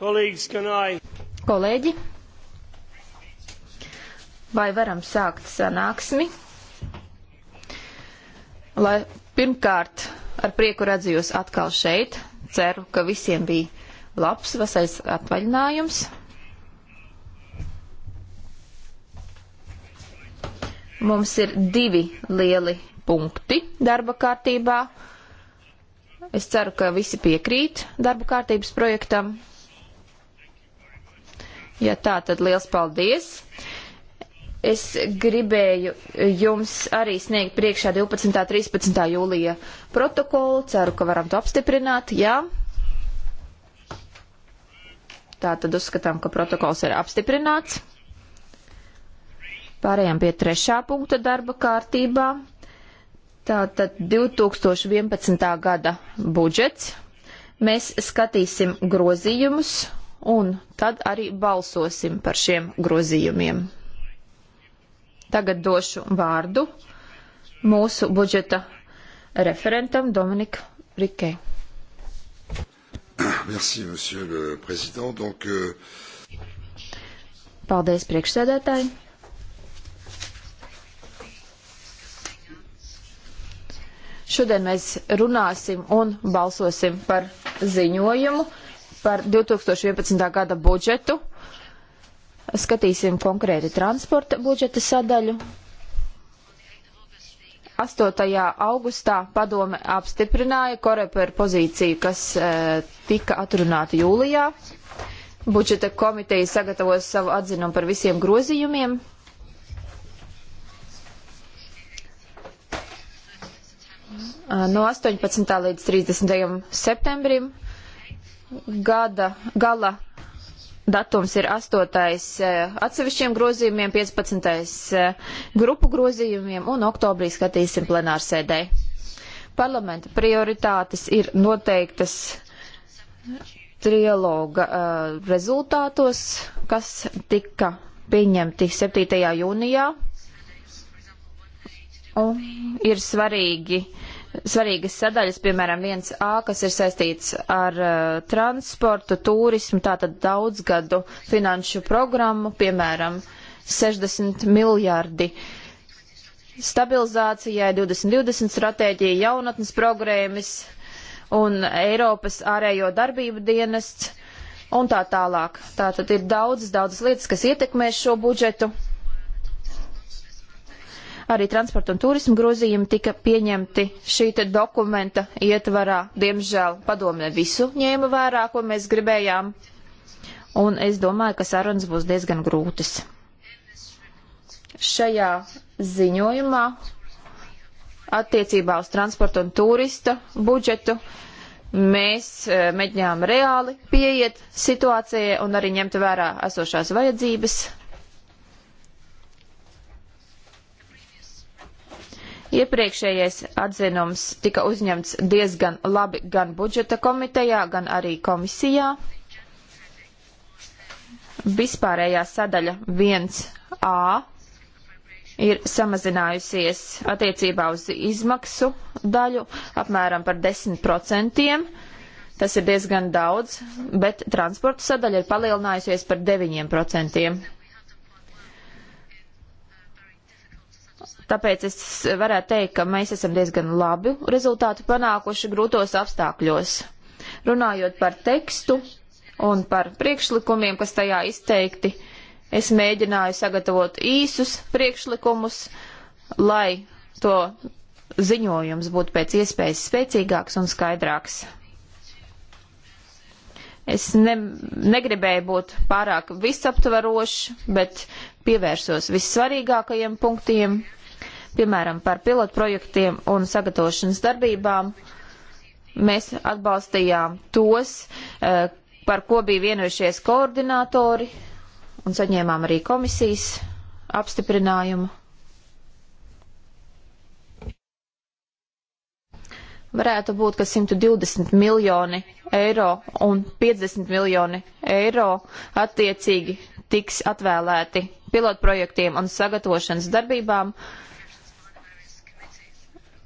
Kolēģi, vai varam sākt sanāksmi? Lai pirmkārt ar prieku redzu jūs atkal šeit. Ceru, ka visiem bija labs vasais atvaļinājums. Mums ir divi lieli punkti darba kārtībā. Es ceru, ka visi piekrīt darba kārtības projektam. Ja tā, tad liels paldies! Es gribēju jums arī sniegt priekšā 12. un 13. jūlija protokolu. Ceru, ka varam to apstiprināt. Jā. Tā tad uzskatām, ka protokols ir apstiprināts. Pārējām pie trešā punkta darba kārtībā. Tātad 2011. gada budžets. Mēs skatīsim grozījumus un tad arī balsosim par šiem grozījumiem. Tagad došu vārdu mūsu budžeta referentam Dominika Rikē. Merci, monsieur le président. Donc, euh... Paldies, priekšsēdētāji. Šodien mēs runāsim un balsosim par ziņojumu, par 2011. gada budžetu. Skatīsim konkrēti transporta budžeta sadaļu. 8. augustā padome apstiprināja koreperu pozīciju, kas e, tika atrunāta jūlijā. Budžeta komiteja sagatavos savu atzinumu par visiem grozījumiem. No 18. līdz 30. septembrim gada gala datums ir 8. Eh, atsevišķiem grozījumiem, 15. Eh, grupu grozījumiem un oktobrī skatīsim plenārsēdē. Parlamenta prioritātes ir noteiktas trialoga uh, rezultātos, kas tika pieņemti 7. jūnijā. Un ir svarīgi uh, svarīgas sadaļas, piemēram, viens A, kas ir saistīts ar uh, transportu, turismu, tātad daudzgadu finanšu programmu, piemēram, 60 miljardi stabilizācijai, 2020 stratēģija, jaunatnes programmas un Eiropas ārējo darbību dienests un tā tālāk. Tātad ir daudz, daudz lietas, kas ietekmēs šo budžetu. Arī transporta un turismu grozījumi tika pieņemti šī dokumenta ietvarā. Diemžēl padome visu ņēma vērā, ko mēs gribējām. Un es domāju, ka sarunas būs diezgan grūtas. Šajā ziņojumā attiecībā uz transporta un turista budžetu mēs e, mēģinām reāli pieiet situācijai un arī ņemt vērā esošās vajadzības. Iepriekšējais atzinums tika uzņemts diezgan labi gan budžeta komitejā, gan arī komisijā. Vispārējā sadaļa 1A ir samazinājusies attiecībā uz izmaksu daļu apmēram par 10%. Tas ir diezgan daudz, bet transporta sadaļa ir palielinājusies par 9%. Tāpēc es varētu teikt, ka mēs esam diezgan labu rezultātu panākuši grūtos apstākļos. Runājot par tekstu un par priekšlikumiem, kas tajā izteikti, es mēģināju sagatavot īsus priekšlikumus, lai to ziņojums būtu pēc iespējas spēcīgāks un skaidrāks. Es ne, negribēju būt pārāk visaptvarošs, bet pievērsos vissvarīgākajiem punktiem, piemēram, par pilotprojektiem un sagatavošanas darbībām. Mēs atbalstījām tos, eh, par ko bija vienojušies koordinātori un saņēmām arī komisijas apstiprinājumu. Varētu būt, ka 120 miljoni eiro un 50 miljoni eiro attiecīgi tiks atvēlēti pilotprojektiem un sagatavošanas darbībām.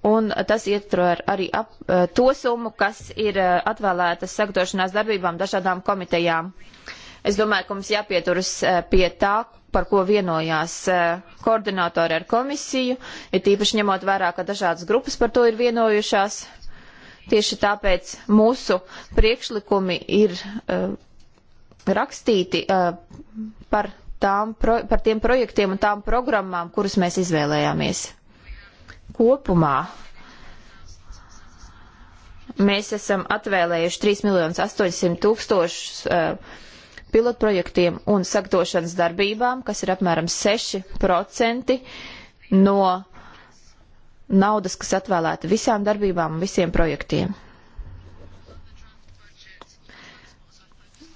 Un tas ietver arī ap, eh, to summu, kas ir eh, atvēlēta sagatavošanās darbībām dažādām komitejām. Es domāju, ka mums jāpieturas eh, pie tā, par ko vienojās koordinātori ar komisiju, ir tīpaši ņemot vērā, ka dažādas grupas par to ir vienojušās. Tieši tāpēc mūsu priekšlikumi ir uh, rakstīti uh, par tām, pro, par tiem projektiem un tām programmām, kurus mēs izvēlējāmies. Kopumā mēs esam atvēlējuši 3 miljonus 800 tūkstošus uh, pilotprojektiem un sagatavošanas darbībām, kas ir apmēram 6% no naudas, kas atvēlēta visām darbībām un visiem projektiem.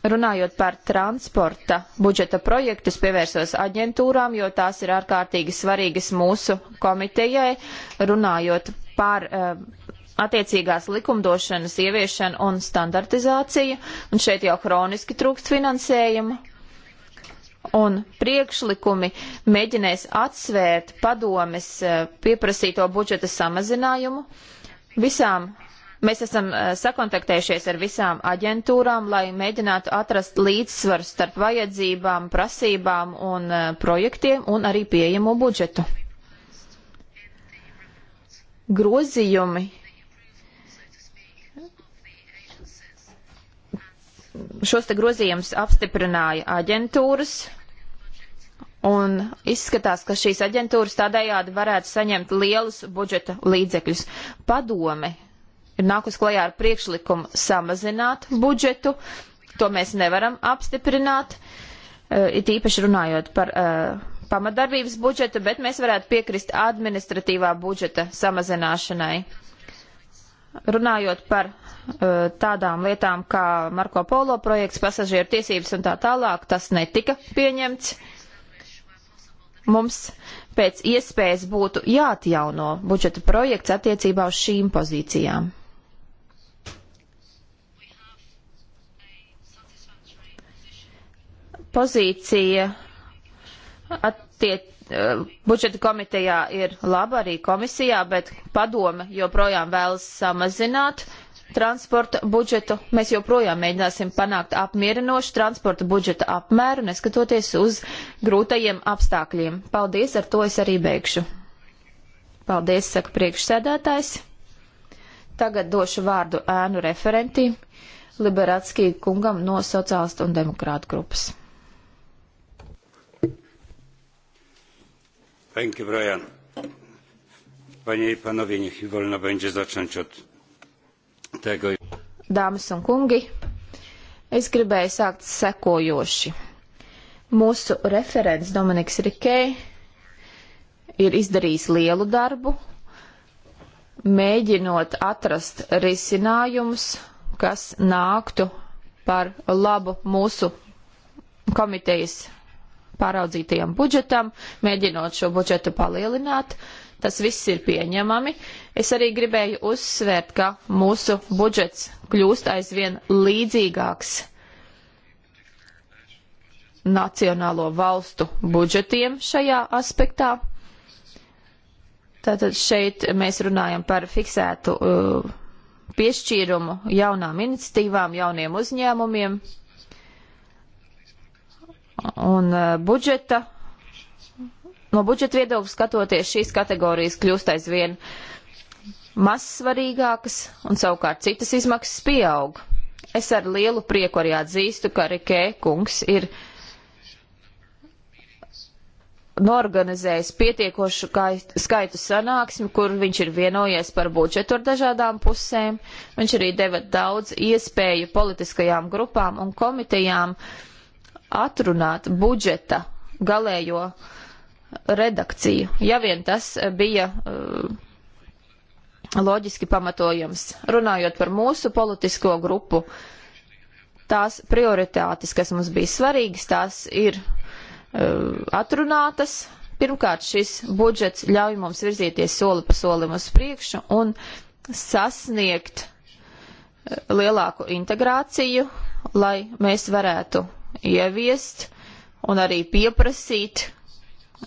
Runājot par transporta budžeta projektu, es pievērsos aģentūrām, jo tās ir ārkārtīgi svarīgas mūsu komitejai. Runājot par um, attiecīgās likumdošanas ieviešanu un standartizāciju, un šeit jau hroniski trūkst finansējuma. Un priekšlikumi mēģinēs atsvērt padomes eh, pieprasīto budžeta samazinājumu. Visām Mēs esam eh, sakontaktējušies ar visām aģentūrām, lai mēģinātu atrast līdzsvaru starp vajadzībām, prasībām un eh, projektiem un arī pieejamo budžetu. Grozījumi šos te grozījumus apstiprināja aģentūras, un izskatās, ka šīs aģentūras tādējādi varētu saņemt lielus budžeta līdzekļus. Padome ir nākus klajā ar priekšlikumu samazināt budžetu. To mēs nevaram apstiprināt, eh, it īpaši runājot par uh, pamatdarbības budžetu, bet mēs varētu piekrist administratīvā budžeta samazināšanai. Runājot par uh, tādām lietām kā Marko Polo projekts, pasažieru tiesības un tā tālāk, tas netika pieņemts. Mums pēc iespējas būtu jāatjauno budžeta projekts attiecībā uz šīm pozīcijām. pozīcija attiec, eh, budžeta komitejā ir laba arī komisijā, bet padome joprojām vēlas samazināt transporta budžetu. Mēs joprojām mēģināsim panākt apmierinošu transporta budžeta apmēru, neskatoties uz grūtajiem apstākļiem. Paldies, ar to es arī beigšu. Paldies, saka priekšsēdētājs. Tagad došu vārdu ēnu referentī Liberatskī kungam no sociālistu un demokrātu grupas. Thank you, Brian. Panie i panowie, niech wolno będzie zacząć od tego. Dāmas un kungi, es gribēju sākt sekojoši. Mūsu referents Dominiks Rikē ir izdarījis lielu darbu, mēģinot atrast risinājumus, kas nāktu par labu mūsu komitejas pāraudzītajam budžetam, mēģinot šo budžetu palielināt. Tas viss ir pieņemami. Es arī gribēju uzsvērt, ka mūsu budžets kļūst aizvien līdzīgāks nacionālo valstu budžetiem šajā aspektā. Tātad šeit mēs runājam par fiksētu uh, piešķīrumu jaunām iniciatīvām, jauniem uzņēmumiem, Un e, budžeta, no budžeta viedokļa skatoties, šīs kategorijas kļūst aizvien mazsvarīgākas un savukārt citas izmaksas pieaug. Es ar lielu prieku arī atzīstu, ka Rikē kungs ir norganizējis pietiekošu skaitu sanāksmi, kur viņš ir vienojies par budžetu ar dažādām pusēm. Viņš arī deva daudz iespēju politiskajām grupām un komitejām uh, atrunāt budžeta galējo redakciju, ja vien tas bija uh, loģiski pamatojams. Runājot par mūsu politisko grupu, tās prioritātes, kas mums bija svarīgas, tās ir uh, atrunātas. Pirmkārt, šis budžets ļauj mums virzīties soli pa solim uz priekšu un sasniegt uh, lielāku integrāciju, lai mēs varētu ieviest un arī pieprasīt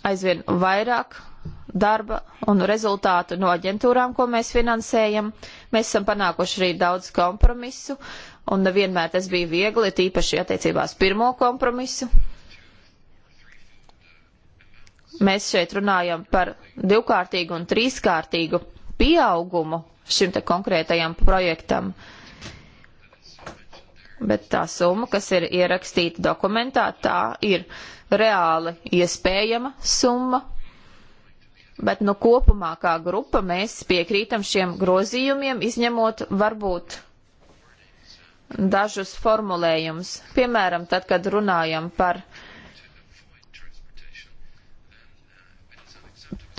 aizvien vairāk darba un rezultātu no aģentūrām, ko mēs finansējam. Mēs esam panākuši arī daudz kompromisu, un nevienmēr tas bija viegli, tīpaši attiecībās pirmo kompromisu. Mēs šeit runājam par divkārtīgu un trīskārtīgu pieaugumu šim te konkrētajam projektam. Uh, bet tā summa, kas ir ierakstīta dokumentā, tā ir reāli iespējama summa. Bet nu no kopumā kā grupa mēs piekrītam šiem grozījumiem, izņemot varbūt dažus formulējumus. Piemēram, tad, kad runājam par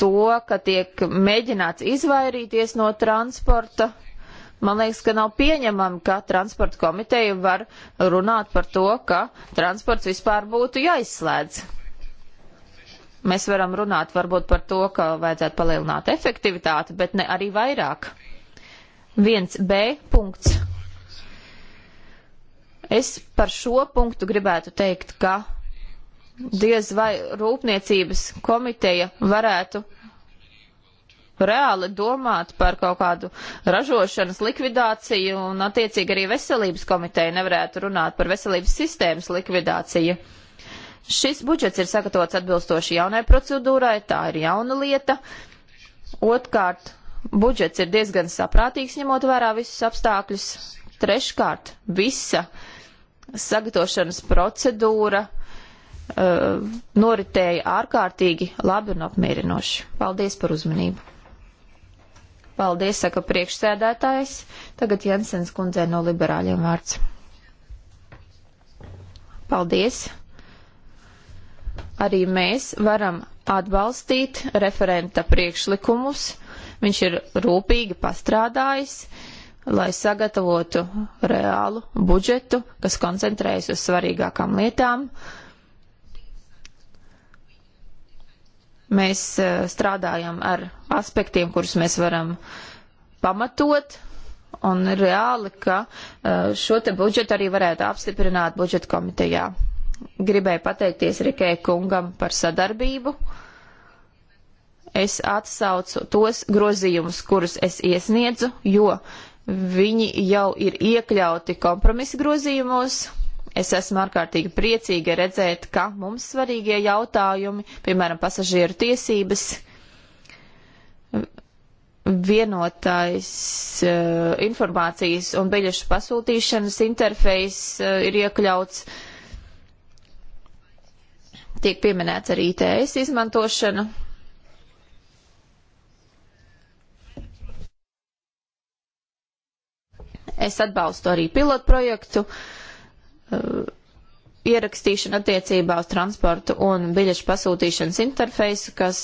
to, ka tiek mēģināts izvairīties no transporta Man liekas, ka nav pieņemami, ka transporta komiteja var runāt par to, ka transports vispār būtu jāizslēdz. Mēs varam runāt varbūt par to, ka vajadzētu palielināt efektivitāti, bet ne arī vairāk. 1b punkts. Es par šo punktu gribētu teikt, ka diez vai rūpniecības komiteja varētu reāli domāt par kaut kādu ražošanas likvidāciju un attiecīgi arī veselības komiteja nevarētu runāt par veselības sistēmas likvidāciju. Šis budžets ir sagatavots atbilstoši jaunai procedūrai, tā ir jauna lieta. Otkārt, budžets ir diezgan saprātīgs, ņemot vērā visus apstākļus. Treškārt, visa sagatavošanas procedūra uh, noritēja ārkārtīgi labi un apmierinoši. Paldies par uzmanību! Paldies, saka priekšsēdētājs. Tagad Jensens kundzei no liberāļiem vārds. Paldies. Arī mēs varam atbalstīt referenta priekšlikumus. Viņš ir rūpīgi pastrādājis, lai sagatavotu reālu budžetu, kas koncentrējas uz svarīgākām lietām. Uh, Mēs eh, strādājam ar aspektiem, kurus mēs varam pamatot, un reāli, ka eh, šo te budžetu arī varētu apstiprināt budžeta komitejā. Gribēju pateikties Rikē kungam par sadarbību. Es atsaucu tos grozījumus, kurus es iesniedzu, jo viņi jau ir iekļauti kompromisa grozījumos, Es esmu ārkārtīgi priecīga redzēt, ka mums svarīgie jautājumi, piemēram, pasažieru tiesības, vienotais uh, informācijas un biļešu pasūtīšanas interfejs uh, ir iekļauts. Tiek pieminēts arī ITS izmantošana. Es atbalstu arī pilotprojektu. projektu Uh, ierakstīšanu attiecībā uz transportu un biļešu pasūtīšanas interfeisu, kas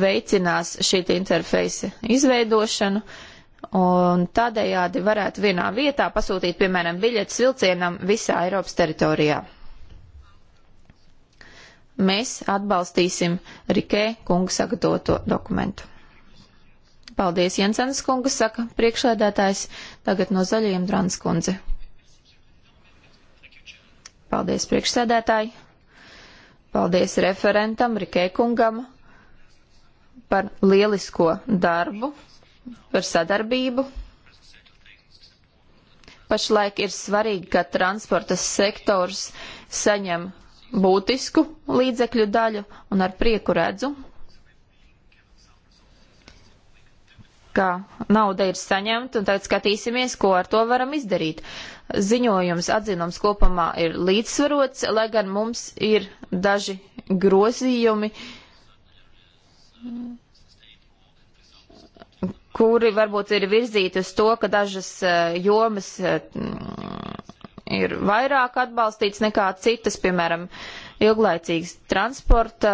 veicinās šī interfeisa izveidošanu. Un tādējādi varētu vienā vietā pasūtīt, piemēram, biļetes vilcienam visā Eiropas teritorijā. Mēs atbalstīsim Rikē kungu sagatavoto dokumentu. Paldies, Jensens kungas, saka priekšlēdētājs, tagad no zaļajiem Drans kundze. Paldies priekšsēdētāji. Paldies referentam Rikē kungam par lielisko darbu, par sadarbību. Pašlaik ir svarīgi, ka transporta sektors saņem būtisku līdzekļu daļu un ar prieku redzu, ka nauda ir saņemta un tagad skatīsimies, ko ar to varam izdarīt. Uh, ziņojums, atzinums kopumā ir līdzsvarots, lai gan mums ir daži grozījumi, kuri varbūt ir virzīti uz to, ka dažas eh, jomas eh, ir vairāk atbalstīts nekā citas, piemēram, ilglaicīgs transporta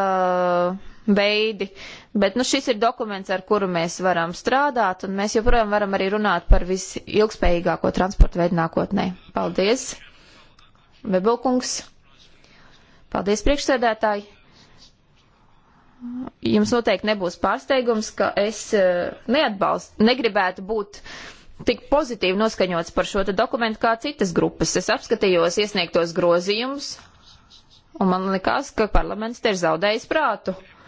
veidi, bet nu, šis ir dokuments, ar kuru mēs varam strādāt, un mēs joprojām varam arī runāt par visilgspējīgāko transporta veidu nākotnē. Paldies, Vebulkungs! Paldies, priekšsēdētāji! Jums noteikti nebūs pārsteigums, ka es eh, neatbalstu, negribētu būt tik pozitīvi noskaņots par šo dokumentu kā citas grupas. Es apskatījos iesniegtos grozījumus, un man likās, ka parlaments te ir zaudējis prātu. Uh,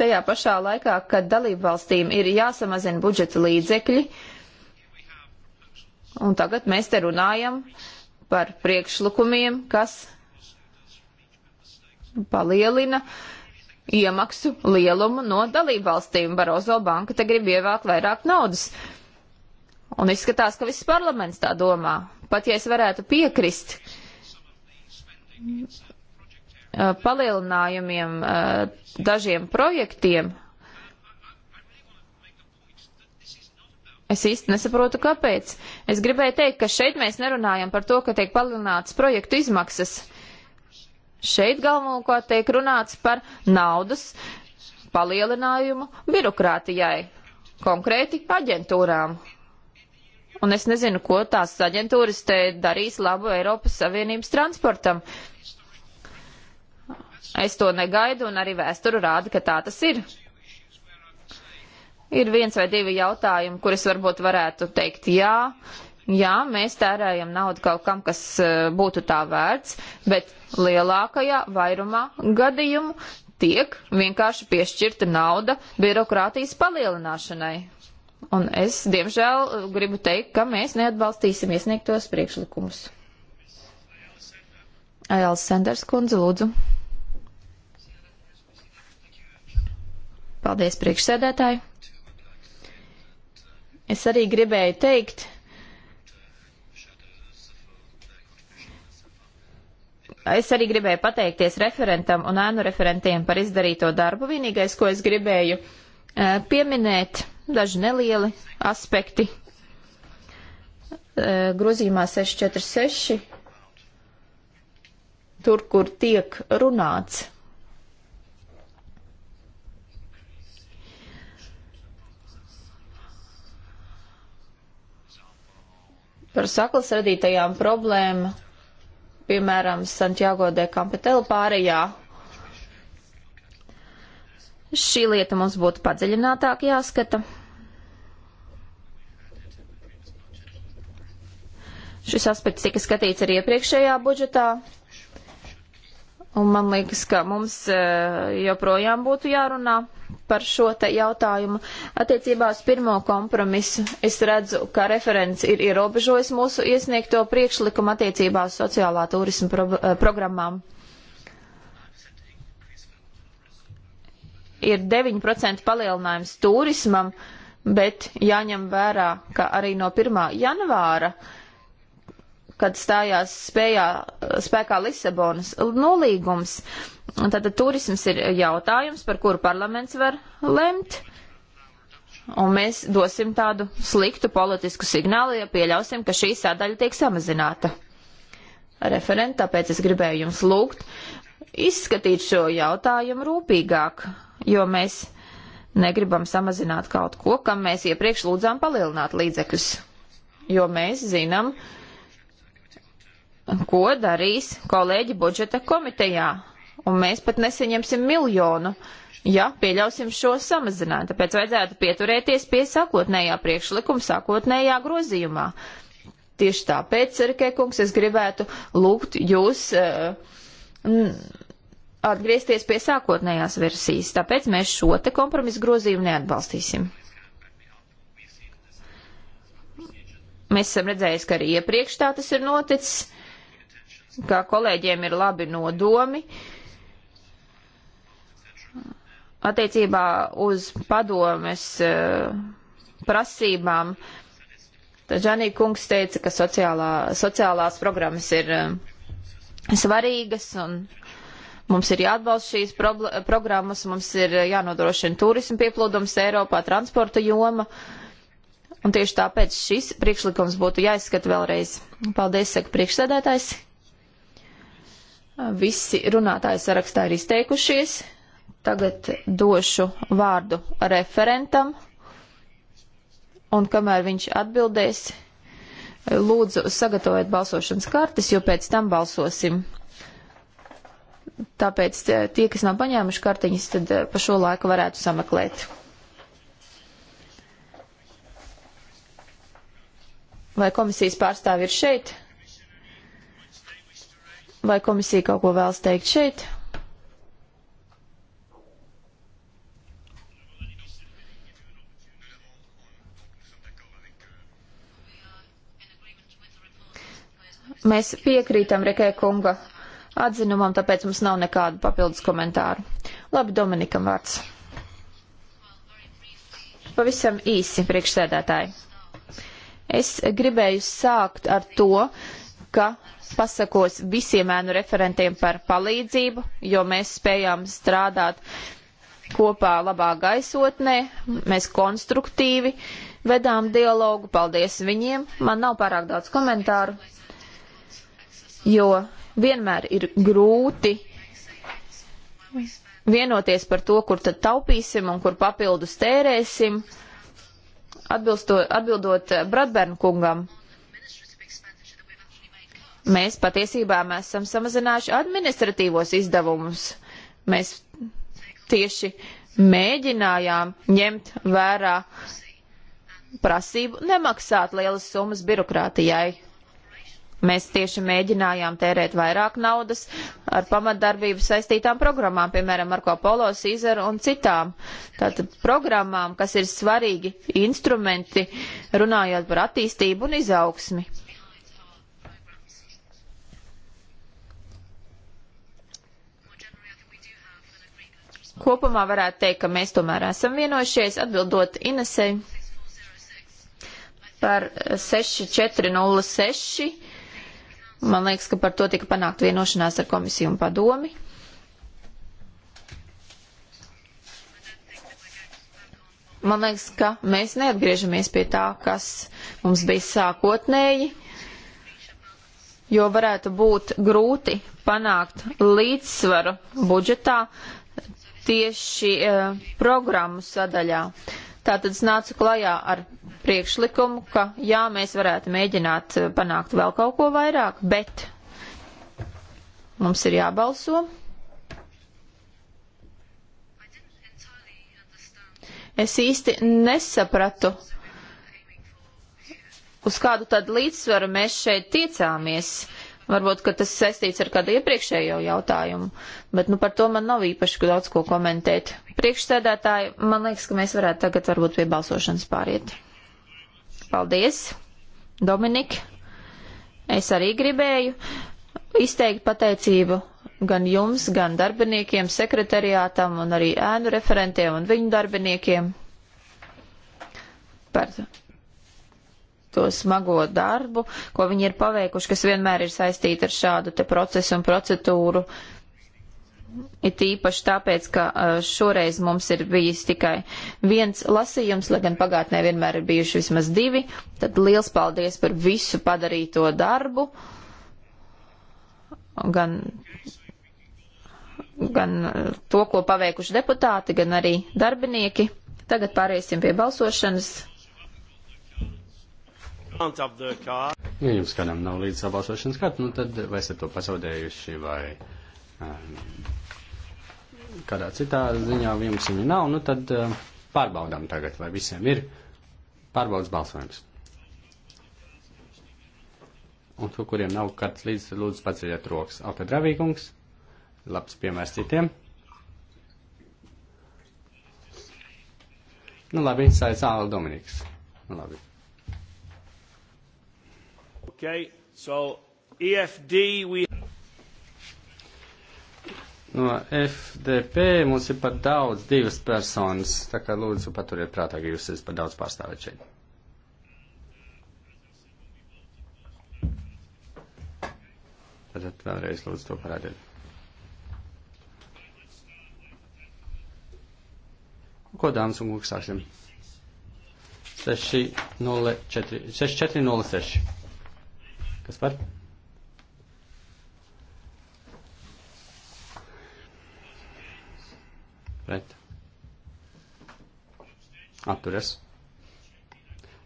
tajā pašā laikā, kad dalību valstīm ir jāsamazina budžeta līdzekļi. Un tagad mēs te runājam par priekšlikumiem, kas palielina iemaksu lielumu no dalībvalstīm. Barozo banka te grib ievākt vairāk naudas. Un izskatās, ka viss parlaments tā domā. Pat ja es varētu piekrist Eh, palielinājumiem eh, dažiem projektiem, Es īsti nesaprotu, kāpēc. Es gribēju teikt, ka šeit mēs nerunājam par to, ka tiek palielināts projektu izmaksas. Šeit galvenokārt tiek runāts par naudas palielinājumu birokrātijai, konkrēti aģentūrām. Un es nezinu, ko tās aģentūras te darīs labu Eiropas Savienības transportam. Es to negaidu, un arī vēsturu rāda, ka tā tas ir. Ir viens vai divi jautājumi, kurus varbūt varētu teikt jā. Jā, mēs tērējam naudu kaut kam, kas e, būtu tā vērts, bet lielākajā vairumā gadījumu tiek vienkārši piešķirta nauda birokrātijas palielināšanai. Un es, diemžēl, gribu teikt, ka mēs neatbalstīsim iesniegtos priekšlikumus. Ails Sanders kundze, lūdzu. Paldies, priekšsēdētāji. Es arī gribēju teikt, Es arī gribēju pateikties referentam un ēnu referentiem par izdarīto darbu. Vienīgais, ko es gribēju pieminēt, daži nelieli aspekti. Grozījumā 646, tur, kur tiek runāts par saklas radītajām problēmām, piemēram, Santiago de Campetela pārējā. Šī lieta mums būtu padziļinātāk jāskata. Šis aspekts tika skatīts arī iepriekšējā budžetā, Un man liekas, ka mums eh, joprojām būtu jārunā par šo te jautājumu. Attiecībā uz pirmo kompromisu es redzu, ka referents ir ierobežojis mūsu iesniegto priekšlikumu attiecībā uz sociālā turismu pro eh, programmām. Ir 9% palielinājums turismam, bet jāņem vērā, ka arī no 1. janvāra uh, kad stājās spējā, spēkā Lisabonas nolīgums. Tātad turisms ir jautājums, par kuru parlaments var lemt. Un mēs dosim tādu sliktu politisku signālu, ja pieļausim, ka šī sadaļa tiek samazināta. Referent, tāpēc es gribēju jums lūgt izskatīt šo jautājumu rūpīgāk, jo mēs negribam samazināt kaut ko, kam mēs iepriekš lūdzām palielināt līdzekļus. Jo mēs zinām, uh, ko darīs kolēģi budžeta komitejā. Un mēs pat nesaņemsim miljonu, ja pieļausim šo samazinājumu. Tāpēc vajadzētu pieturēties pie sākotnējā priekšlikuma, sākotnējā grozījumā. Tieši tāpēc, Rikē kungs, es gribētu lūgt jūs uh, atgriezties pie sākotnējās versijas. Tāpēc mēs šo te kompromisu grozījumu neatbalstīsim. Mēs esam redzējuši, ka arī iepriekš tā tas ir noticis ka kolēģiem ir labi nodomi attiecībā uz padomes eh, prasībām. Tad Žanī kungs teica, ka sociālā, sociālās programmas ir eh, svarīgas un mums ir jāatbalsta šīs programmas, mums ir jānodrošina turismu pieplūdums Eiropā, transporta joma. Un tieši tāpēc šis priekšlikums būtu jāizskata vēlreiz. Paldies, saka priekšsēdētājs. Visi runātāji sarakstā ir izteikušies. Tagad došu vārdu referentam. Un kamēr viņš atbildēs, lūdzu sagatavojiet balsošanas kartes, jo pēc tam balsosim. Tāpēc eh, tie, kas nav paņēmuši kartiņas, tad eh, pa šo laiku varētu sameklēt. Vai komisijas pārstāvi ir šeit? Vai komisija kaut ko vēlas teikt šeit? Mēs piekrītam Rekē kunga atzinumam, tāpēc mums nav nekādu papildus komentāru. Labi, Dominikam vārds. Pavisam īsi, priekšsēdētāji. Es gribēju sākt ar to, ka pasakos visiem ēnu referentiem par palīdzību, jo mēs spējām strādāt kopā labā gaisotnē, mēs konstruktīvi vedām dialogu, paldies viņiem. Man nav pārāk daudz komentāru, jo vienmēr ir grūti vienoties par to, kur tad taupīsim un kur papildus tērēsim. Atbilsto, atbildot Bradbērnu kungam, Mēs patiesībā mēs esam samazinājuši administratīvos izdevumus. Mēs tieši mēģinājām ņemt vērā prasību nemaksāt lielas summas birokrātijai. Mēs tieši mēģinājām tērēt vairāk naudas ar pamatdarbību saistītām programmām, piemēram, Marko Polo, Cīzaru un citām. Tātad programmām, kas ir svarīgi instrumenti, runājot par attīstību un izaugsmi. Kopumā varētu teikt, ka mēs tomēr esam vienojušies atbildot Inesei par 6406. Man liekas, ka par to tika panākt vienošanās ar komisiju un padomi. Man liekas, ka mēs neatgriežamies pie tā, kas mums bija sākotnēji, jo varētu būt grūti panākt līdzsvaru budžetā tieši uh, programmu sadaļā. Tātad es nācu klajā ar priekšlikumu, ka jā, mēs varētu mēģināt e, panākt vēl kaut ko vairāk, bet mums ir jābalso. Es īsti nesapratu, uz kādu tādu līdzsvaru mēs šeit tiecāmies. Uh, Varbūt, ka tas saistīts ar kādu iepriekšējo jautājumu, bet nu, par to man nav īpaši daudz ko komentēt. Priekšsēdētāji, man liekas, ka mēs varētu tagad varbūt pie balsošanas pāriet. Paldies, Dominika! Es arī gribēju izteikt pateicību gan jums, gan darbiniekiem, sekretariātam un arī ēnu referentiem un viņu darbiniekiem par to smago darbu, ko viņi ir paveikuši, kas vienmēr ir saistīti ar šādu te procesu un procedūru. It īpaši tāpēc, ka uh, šoreiz mums ir bijis tikai viens lasījums, lai gan pagātnē vienmēr ir bijuši vismaz divi. Tad liels paldies par visu padarīto darbu. Gan gan uh, to, ko paveikuši deputāti, gan arī darbinieki. Tagad pāriesim pie balsošanas. Ja jums kādam nav līdz savu balsošanas kartu, nu tad vai esat to pazaudējuši vai um, kādā citā ziņā jums viņa nav, nu tad um, pārbaudām tagad, vai visiem ir pārbaudas balsojums. Un to, kuriem nav karts līdz, lūdzu paceļat rokas. Alka Dravīkungs, labs piemērs citiem. Nu labi, sāc Āla Dominiks. Nu labi. Okay, so EFD we. No FDP mums ir par daudz divas personas, tā kā lūdzu paturiet prātā, ka jūs esat par daudz pārstāvēt šeit. Tad vēlreiz lūdzu to parādiet. Ko dāmas un kungs sāksim? 6406. Kas par? Pret. Atturas.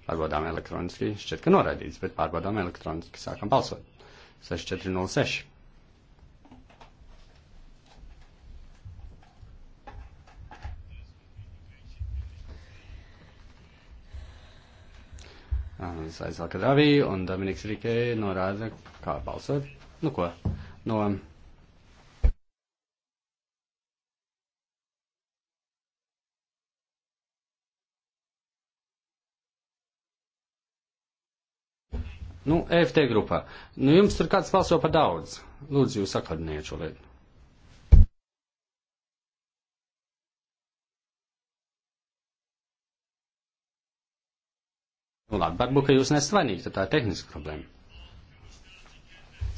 Pārbaudām elektroniski. Šķiet, ka noraidīts, bet pārbaudām elektroniski. Sākam balsot. 6406. Saisā Kadravī un Dominiks Rikē norāda, kā balsot. Nu ko, no. Nu, EFT grupā. Nu, jums tur kāds balso par daudz. Lūdzu, jūs sakladiniet šo lietu. Nu, labi, varbūt, ka jūs nesat vainīgi, tad tā ir tehniska problēma.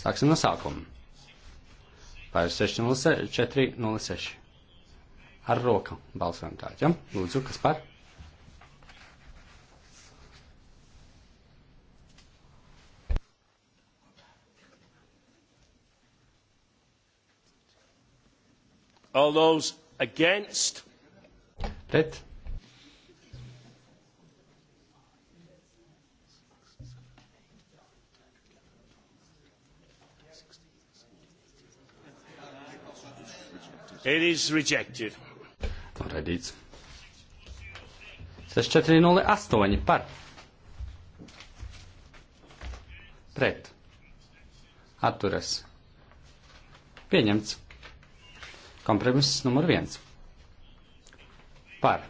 Sāksim no sākuma. Pār 6.04.06. Ar roku balsojam tā, ja? Lūdzu, kas par? All those against? Pret. It is rejected. Redīts. 6408 par. Pret. Atturas. Pieņemts. Kompromiss numur viens. Par.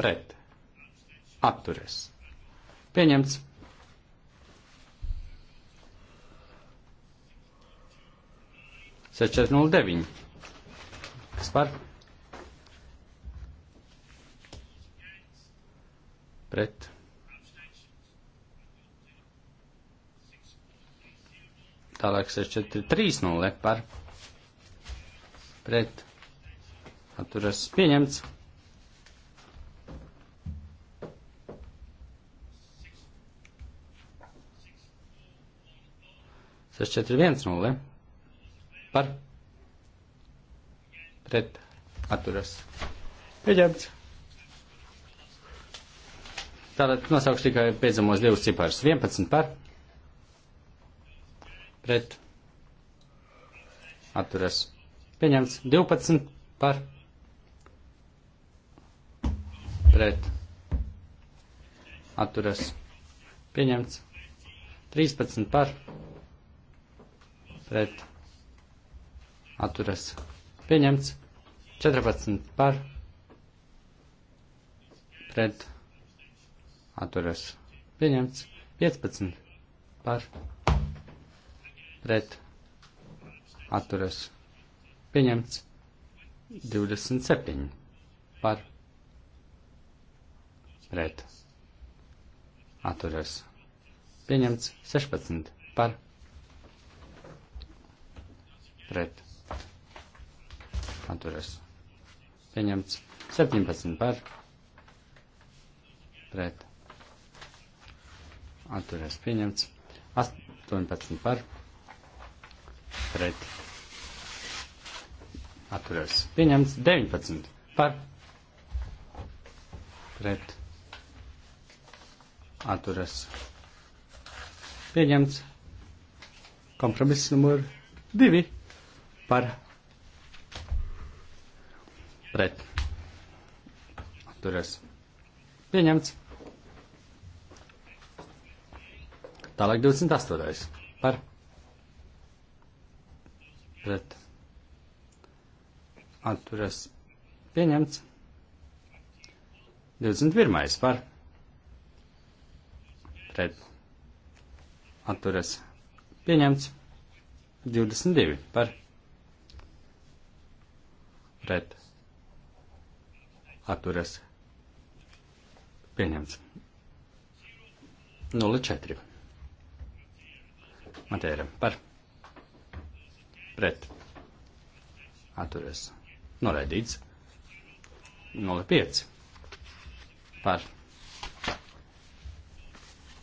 Pret. Atturas. Pieņemts. 6409. Kas par? Pret. Tālāk 6430 par. Pret. Atturas pieņemts. 6410 par pret atturas. Pieņemts. Tātad nosaukšu tikai pēdējos divus ciparus. 11 par pret atturas. Pieņemts. 12 par pret atturas. Pieņemts. 13 par pret atturas atturas pieņemts, 14 par, pret, atturas pieņemts, 15 par, pret, atturas pieņemts, 27 par, pret, atturas pieņemts, 16 par, pret, atturas. Pieņemts 17 par pret atturas. Pieņemts 18 par pret atturas. Pieņemts 19 par pret atturas. Pieņemts kompromiss numur 2 par pret pret turēs pieņemts. Tālāk 28. par pret atturēs pieņemts. 21. par pret atturēs pieņemts. 22. par pret atturas pieņemts. 04. Matēra par pret atturas noraidīts. 05. Par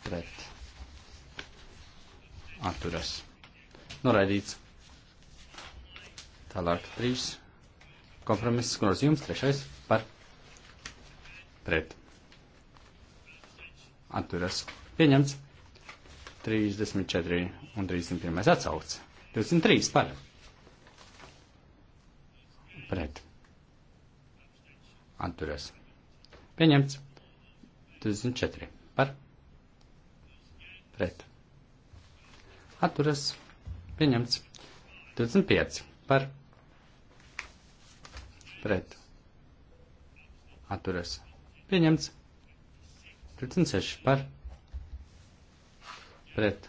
pret atturas noraidīts. Tālāk 3. Kompromiss grozījums 3. par pret pret. Atturas. Pieņemts. 34 un 301 atsauc. 23 par. Pret. Atturas. Pieņemts. 24 par. Pret. Atturas. Pieņemts. 25 par. Pret. Atturas Pieņemts. 36 par. Pret.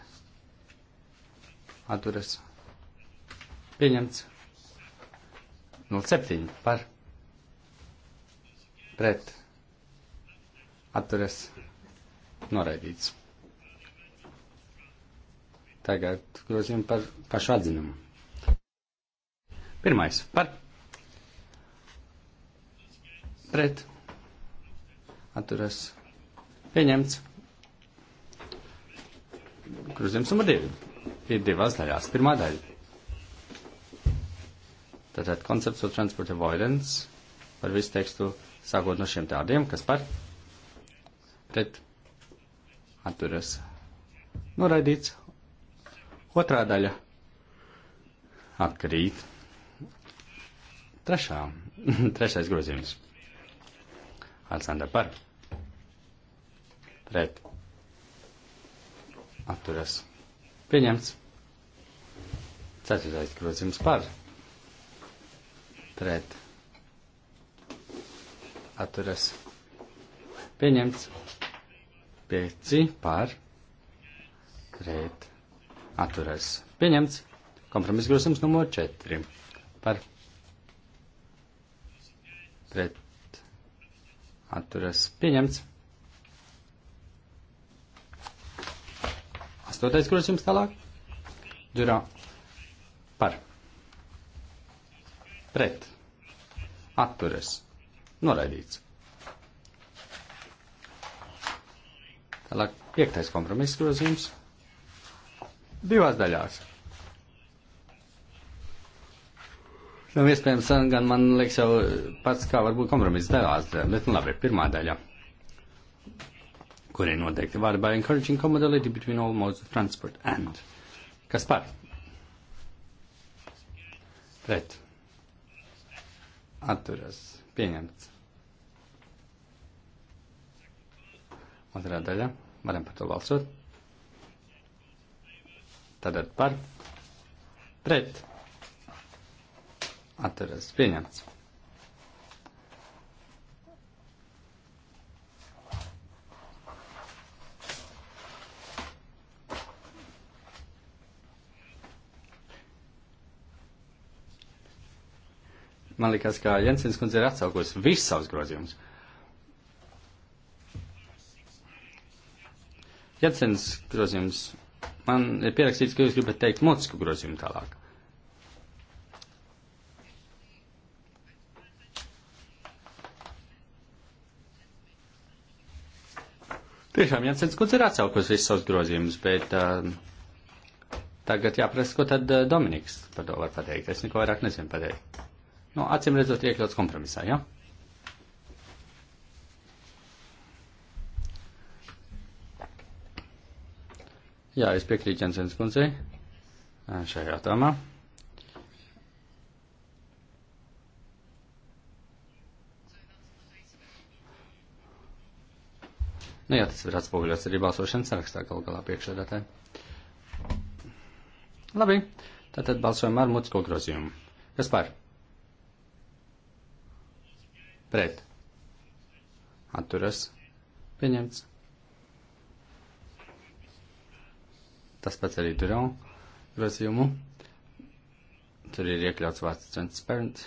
Atturas. Pieņemts. 07 par. Pret. Atturas. Noraidīts. Tagad grozījumu par pašu atzinumu. Pirmais par pret atturas pieņemts. Grozījums numur divi. Ir divās daļās. Pirmā daļa. Tātad koncepts of transport avoidance par visu tekstu sākot no šiem tādiem, kas par pret atturas noraidīts. Otrā daļa atkarīt. Trešā, trešais grozījums Aleksandra par. Pret. Atturas. Pieņemts. Ceturtais grozījums par. Pret. Atturas. Pieņemts. Pieci par. Pret. Atturas. Pieņemts. Kompromiss grozījums numur 4. Par. Pret atturas pieņemts. Astotais grozījums tālāk. Džurā par. Pret. Atturas. Noraidīts. Tālāk piektais kompromiss grozījums. Divās daļās. Nu, iespējams, gan man liekas, jau pats kā varbūt kompromiss devās, bet nu labi, pirmā daļa, kurai noteikti var by encouraging commodality between all modes of transport and. Kas par? Pret. Atturas. Pieņemts. Otrā daļa. Varam par to balsot. Tātad par. Pret atturēs pieņemts. Man liekas, ka Jensens kundze ir atsaukusi visus savus grozījumus. Jensens grozījums. Man ir pierakstīts, ka jūs gribat teikt mutisku grozījumu tālāk. Tiešām Jānis Kunds ir atsaukus visus savus grozījumus, bet uh, tagad jāprasa, ko tad uh, Dominiks par to var pateikt. Es neko vairāk nezinu pateikt. Nu, acīm redzot, iekļauts kompromisā, jā? Ja? Jā, es piekrītu Jensens kundzei šajā jautājumā. Nu, jā, tas ir atspoguļots arī balsošanas sarakstā gal galā priekšsēdētē. Labi, tātad balsojam ar mutisko grozījumu. Kas par? Pret. Atturas. Pieņemts. Tas pats arī Durant grozījumu. Tur ir iekļauts vārds transparent.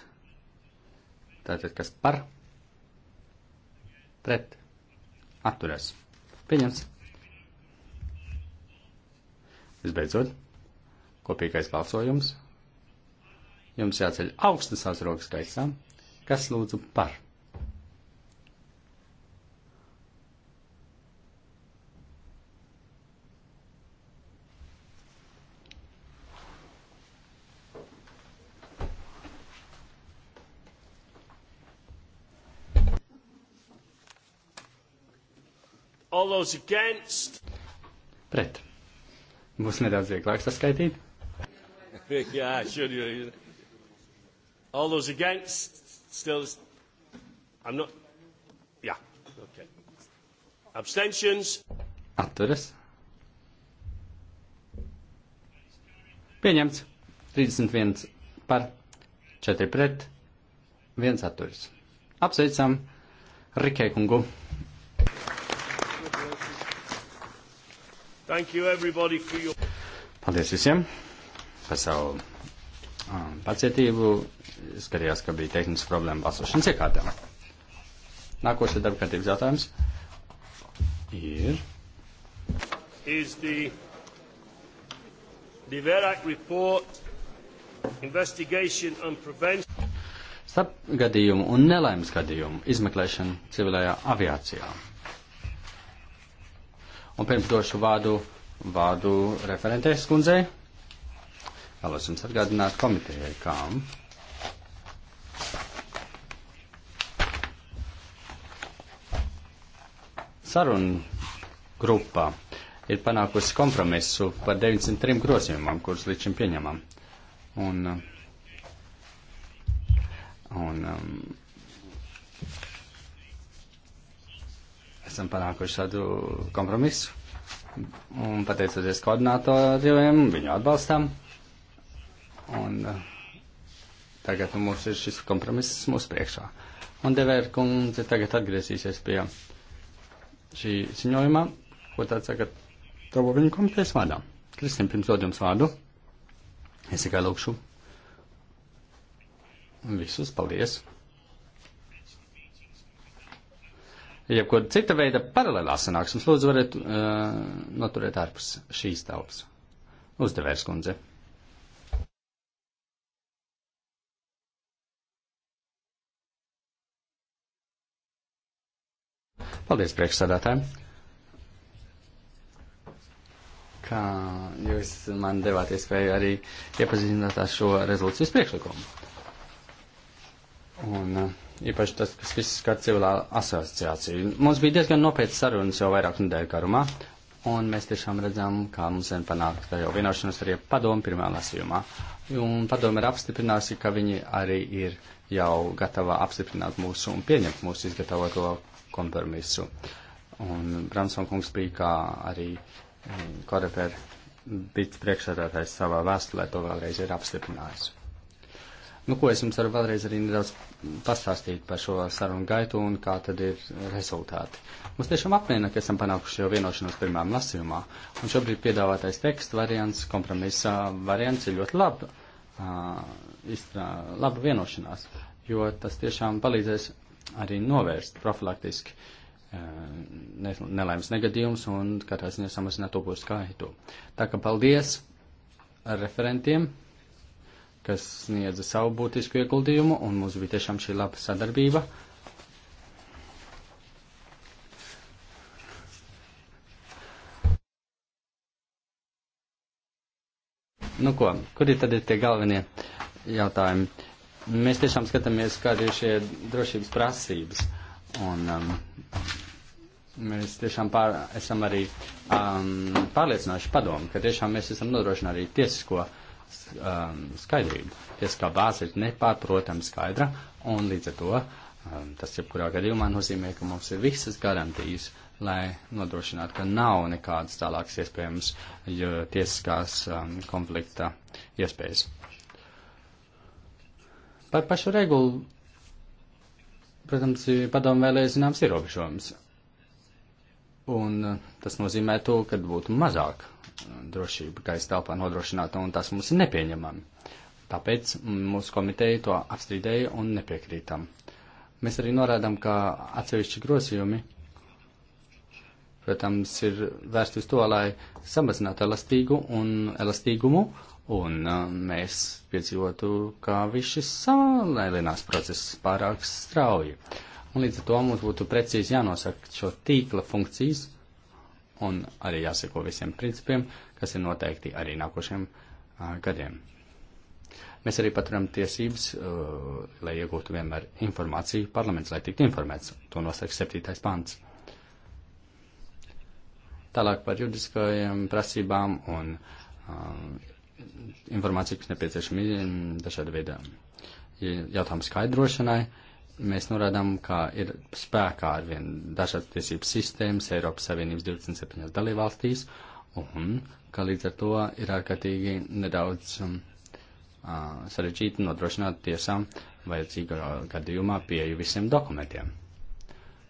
Tātad, kas par? Pret atturēs. Pieņemts. Visbeidzot, kopīgais balsojums. Jums jāceļ augstas asrokas gaisā, kas lūdzu par. All those against? Pret. Būs nedaudz vieglāk saskaitīt. Jā, šodien. All those against? Still. I'm not. Jā, yeah. ok. Abstentions? Atturas. Pieņemts. 31 par, 4 pret, 1 atturas. Apsveicam Rikē kungu. You, your... Paldies visiem par savu um, pacietību. Skatījās, ka bija tehniska problēma balsošanas iekārtām. Nākošais darba kārtības jautājums ir. Is the, the VERAC report investigation and prevention? Starp gadījumu un nelaimes gadījumu izmeklēšana civilajā aviācijā. Un pirms došu vārdu, vārdu referentēs kundzei, vēlos jums atgādināt komitejai, kam. Saruna grupā ir panākusi kompromisu par 903 grozījumam, kurus līdz šim pieņemam. Un, un um, esam panākuši tādu kompromisu. Un pateicoties koordinatoriem, viņu atbalstam. Un eh, tagad nu, mums ir šis kompromiss mūsu priekšā. Un Devēra kundze tagad atgriezīsies pie šī ziņojuma, ko tāds tagad tavo viņu komitejas vārdā. Kristīna, pirms dod jums vārdu, es tikai lūkšu. Visus, paldies! jebkura cita veida paralēlās sanāksmes, lūdzu, varat uh, noturēt ārpus šīs telpas. Uzdevērs kundze. Paldies priekšsādātājiem. Kā jūs man devāt iespēju arī iepazīstināt ar šo rezolūcijas priekšlikumu. Un uh, īpaši tas, kas viss skar civilā asociāciju. Mums bija diezgan nopietnas sarunas jau vairāk nedēļu garumā, un mēs tiešām redzam, kā mums vien panākt jau vienošanos arī padomu pirmā lasījumā. Un padomu ir apstiprinājusi, ka viņi arī ir jau gatava apstiprināt mūsu un pieņemt mūsu izgatavoto kompromisu. Un Branson kungs bija kā arī mm, koreper bits priekšsēdētājs savā vēstulē to vēlreiz ir apstiprinājis. Nu, ko es jums varu vēlreiz arī nedaudz pastāstīt par šo sarunu gaitu un kā tad ir rezultāti. Mums tiešām apmiena, ka esam panākuši jau vienošanos pirmām lasījumā, un šobrīd piedāvātais teksta variants, kompromisa variants ir ļoti laba, uh, laba vienošanās, jo tas tiešām palīdzēs arī novērst profilaktiski uh, nelaimes negadījumus un katrā ziņā samazināt upuru skaitu. Tā kā paldies referentiem kas sniedza savu būtisku ieguldījumu, un mums bija tiešām šī laba sadarbība. Nu ko, kuri tad ir tie galvenie jautājumi? Mēs tiešām skatāmies, kādi ir šie drošības prasības. Un, um, mēs tiešām pār, esam arī um, pārliecinājuši padomu, ka tiešām mēs esam nodrošināti arī tiesisko uh, um, skaidrību. Tiesiskā bāze ir nepārprotami skaidra, un līdz ar to um, tas jebkurā gadījumā nozīmē, ka mums ir visas garantijas, lai nodrošinātu, ka nav nekādas tālākas iespējamas tiesiskās um, konflikta iespējas. Par pašu regulu, protams, padomu vēlēja zināms ierobežojums. Un uh, tas nozīmē to, ka būtu mazāk drošību gaisa telpā nodrošināta, un tas mums ir nepieņemami. Tāpēc mūsu komiteja to apstrīdēja un nepiekrītam. Mēs arī norādām, ka atsevišķi grozījumi, protams, ir vērsti uz to, lai samazinātu elastīgu un elastīgumu, un uh, mēs piedzīvotu, ka viss šis samailinās process pārāk strauji. Un līdz ar to mums būtu precīzi jānosaka šo tīkla funkcijas, un arī jāseko visiem principiem, kas ir noteikti arī nākošiem uh, gadiem. Mēs arī paturam tiesības, uh, lai iegūtu vienmēr informāciju parlaments, lai tiktu informēts. To nosaka 7. pants. Tālāk par juridiskajām prasībām un um, uh, informāciju, kas nepieciešama dažāda veidā jautājumu skaidrošanai. Uh, mēs norādām, ka ir spēkā arvien dažādas tiesības sistēmas Eiropas Savienības 27 dalībvalstīs, un ka līdz ar to ir ārkārtīgi nedaudz um, sarežģīti nodrošināt tiesām vajadzīgā gadījumā pieju visiem dokumentiem.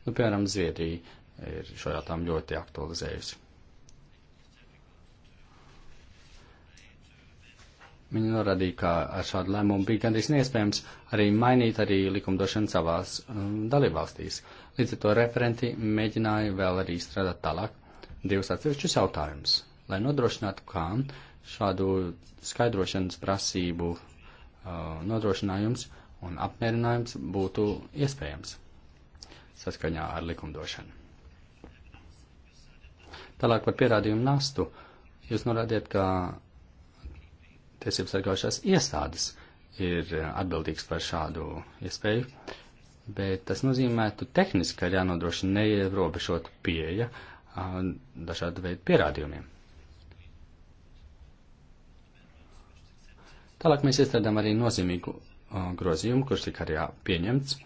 Nu, piemēram, Zviedrija ir šo jautājumu ļoti aktualizējusi. Viņi norādīja, ka ar šādu lēmumu bija gandrīz neiespējams arī mainīt arī likumdošanu savās um, dalībvalstīs. Līdz ar to referenti mēģināja vēl arī strādāt tālāk divus atsevišķus jautājumus, lai nodrošinātu, kā šādu skaidrošanas prasību uh, nodrošinājums un apmierinājums būtu iespējams saskaņā ar likumdošanu. Tālāk par pierādījumu nastu. Jūs norādījat, ka tiesību sargājušās iestādes ir eh, atbildīgs par šādu iespēju, bet tas nozīmētu tehniski, ka ir jānodrošina neierobežot pieeja ah, dažādu veidu pierādījumiem. Tālāk mēs iestrādājam arī nozīmīgu ah, grozījumu, kurš tika arī pieņemts,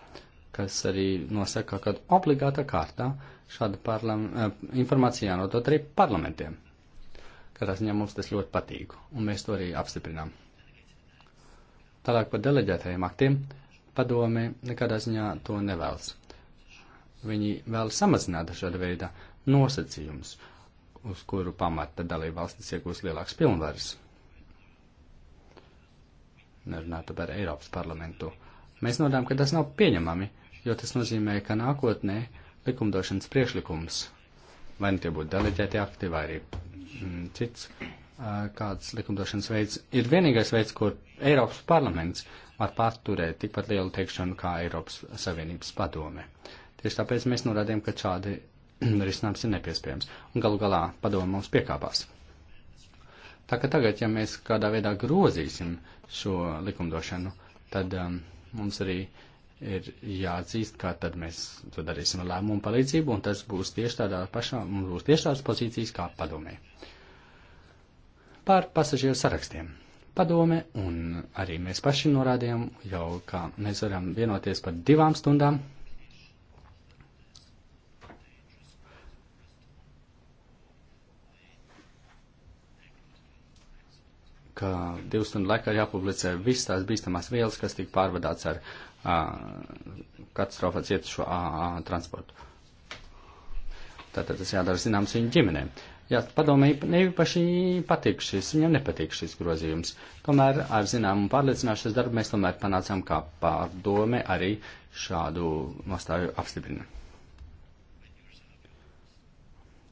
kas arī nosaka, ka obligāta kārtā šāda eh, informācija jānodot arī parlamentiem. Katrā ziņā mums tas ļoti patīk, un mēs to arī apstiprinām. Tālāk par deleģētajiem aktiem padomi nekādā ziņā to nevēlas. Viņi vēl samazināt dažāda veida nosacījumus, uz kuru pamata dalība valstis iegūs lielāks pilnvaras. Nerunātu par Eiropas parlamentu. Mēs norādām, ka tas nav pieņemami, jo tas nozīmē, ka nākotnē likumdošanas priekšlikums vai nu tie būtu deleģēti akti vai arī mm, cits kāds likumdošanas veids, ir vienīgais veids, kur Eiropas parlaments var paturēt tikpat lielu teikšanu kā Eiropas Savienības padome. Tieši tāpēc mēs norādījām, ka šādi risinājums ir nepiespējams. Un galu galā padome mums piekāpās. Tā ka tagad, ja mēs kādā veidā grozīsim šo likumdošanu, tad um, mums arī ir jāatzīst, kā tad mēs to darīsim ar lēmumu palīdzību, un tas būs tieši tādā pašā, mums būs tieši tādas pozīcijas kā padomē. Par pasažieru sarakstiem. Padome un arī mēs paši norādījām jau, ka mēs varam vienoties par divām stundām ka divu stundu laikā jāpublicē visas tās bīstamās vielas, kas tika pārvadāts ar katastrofā cietušo transportu. Tātad tas jādara zināms viņu ģimenēm. Jā, padomēji, neīpaši patīk šis, viņam nepatīk šis grozījums. Tomēr ar zināmu pārliecināšanas darbu mēs tomēr panācām, kā pārdome arī šādu nostāju apstiprina.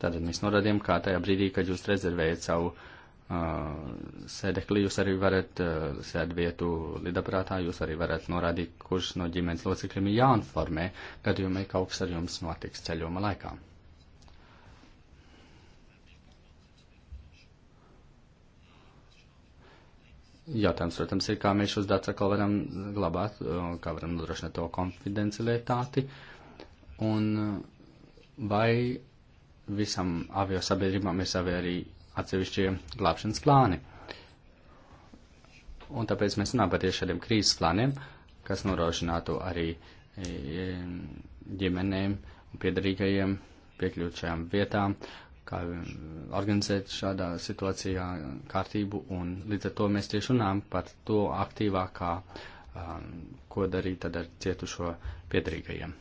Tātad mēs norādījām, kā tajā brīdī, kad jūs rezervējat savu uh, sēdekli, jūs arī varat e, sēdvietu lidaprātā, jūs arī varat norādīt, kurš no ģimenes locekļiem ir jāinformē, gadījumā kaut kas ar jums notiks ceļojuma laikā. Jautājums, protams, ir, kā mēs šos datus atkal varam glabāt, e, kā varam nodrošināt to konfidencialitāti, un e, vai visam avio sabiedrībām ir savi arī atsevišķie glābšanas plāni. Un tāpēc mēs runājam par tieši šādiem krīzes plāniem, kas norošinātu arī e, ģimenēm un piedarīgajiem piekļūt šajām vietām, kā e, organizēt šādā situācijā kārtību, un līdz ar to mēs tieši runājam par to aktīvākā, um, e, ko darīt tad ar cietušo piedarīgajiem.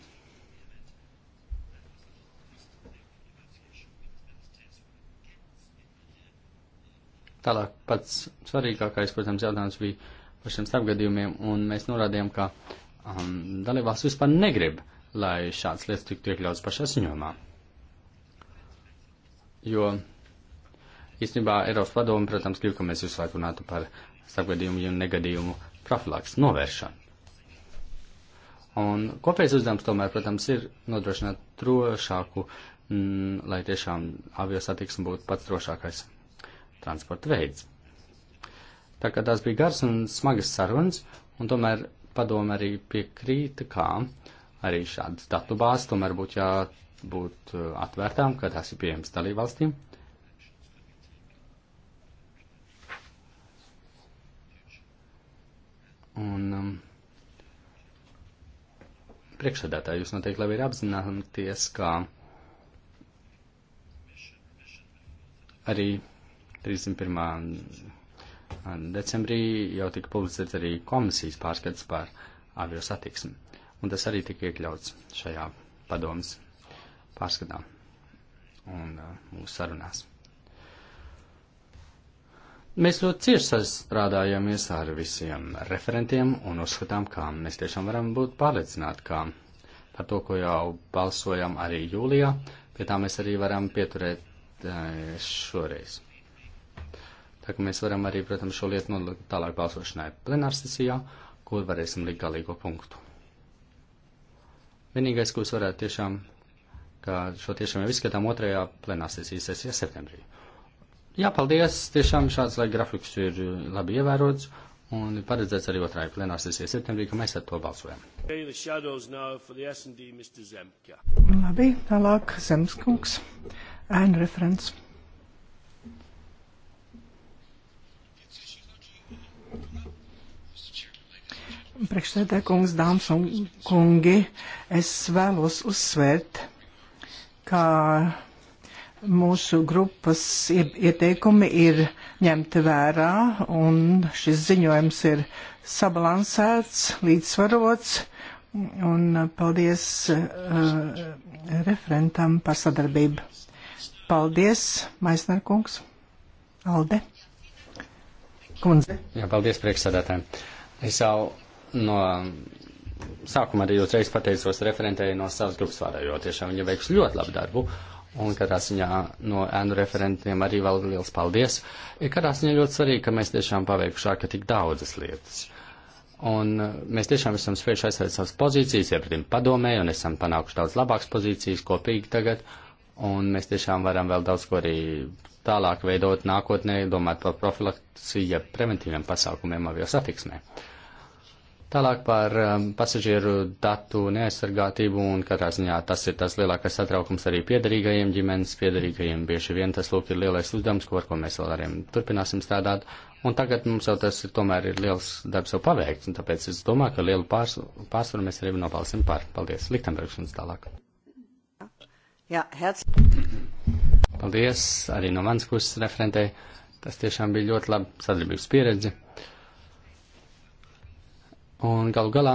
Tālāk pats svarīgākais, protams, jautājums bija par šiem starpgadījumiem, un mēs norādījām, ka um, dalībvalsts vispār negrib, lai šāds lietas tiktu iekļauts pašā ziņojumā. Jo īstenībā Eiropas padomu, protams, grib, ka mēs visu laiku runātu par starpgadījumu un negadījumu profilaks novēršanu. Un kopējais uzdevums tomēr, protams, ir nodrošināt drošāku, m, mm, lai tiešām avio satiksme būtu pats drošākais transporta veids. Tā kā tās bija garas un smagas sarunas, un tomēr padoma arī piekrīta, kā arī šādas datu bāzes tomēr būtu jābūt uh, atvērtām, ka tās ir pieejamas dalībvalstīm. Un um, priekšsēdētāji, jūs noteikti labi ir apzināties, ka arī 31. decembrī jau tika publicēts arī komisijas pārskats par avio satiksmi, un tas arī tika iekļauts šajā padomas pārskatā un uh, mūsu sarunās. Mēs ļoti cieši sastrādājamies ar visiem referentiem un uzskatām, kā mēs tiešām varam būt pārliecināti, kā par to, ko jau balsojam arī jūlijā, pie tā mēs arī varam pieturēt uh, šoreiz. Tā ka mēs varam arī, protams, šo lietu nodot tālāk balsošanai plenārsesijā, kur varēsim likt galīgo punktu. Vienīgais, ko es varētu tiešām, ka šo tiešām jau izskatām otrajā plenārsesijas sesijā septembrī. Jā, paldies, tiešām šāds laika grafiks ir eh, labi ievērots, un ir paredzēts arī otrajā plenārsesijā septembrī, ka mēs ar to balsojam. Labi, tālāk Zemskungs, ēnu referents. Priekšsēdē, kungs, dāmas un kungi, es vēlos uzsvērt, ka mūsu grupas ieteikumi ir ņemti vērā un šis ziņojums ir sabalansēts, līdzsvarots. Un paldies uh, referentam par sadarbību. Paldies, Maisner kungs. Alde. Kundze. Jā, paldies priekšsēdētājiem. Es jau no sākuma arī uzreiz pateicos referentēji no savas grupas vārdā, jo tiešām viņa veiks ļoti labu darbu. Un katrā ziņā no ēnu referentiem arī vēl liels paldies. Ir katrā ziņā ļoti svarīgi, ka mēs tiešām paveikušā, ka tik daudzas lietas. Un uh, mēs tiešām esam spējuši aizsākt savas pozīcijas, iepratīm padomē, un esam panākuši daudz labākas pozīcijas kopīgi tagad. Un mēs tiešām varam vēl daudz ko arī tālāk veidot nākotnē, domāt par profilaksiju, preventīviem pasākumiem avio satiksmē. Uh, Tālāk par um, pasažieru datu neaizsargātību un katrā ziņā tas ir tas lielākais satraukums arī piedarīgajiem ģimenes piedarīgajiem. Bieži vien tas lūk ir lielais uzdevums, ko ar ko mēs vēl arī turpināsim strādāt. Un tagad mums jau tas ir tomēr ir liels darbs jau paveikts, un tāpēc es domāju, ka lielu pārsvaru mēs arī nobalsim par. Paldies. Liktenbergs un tālāk. Jā, herc. Paldies arī no manas puses referentei. Tas tiešām bija ļoti laba sadarbības pieredze. Un gal galā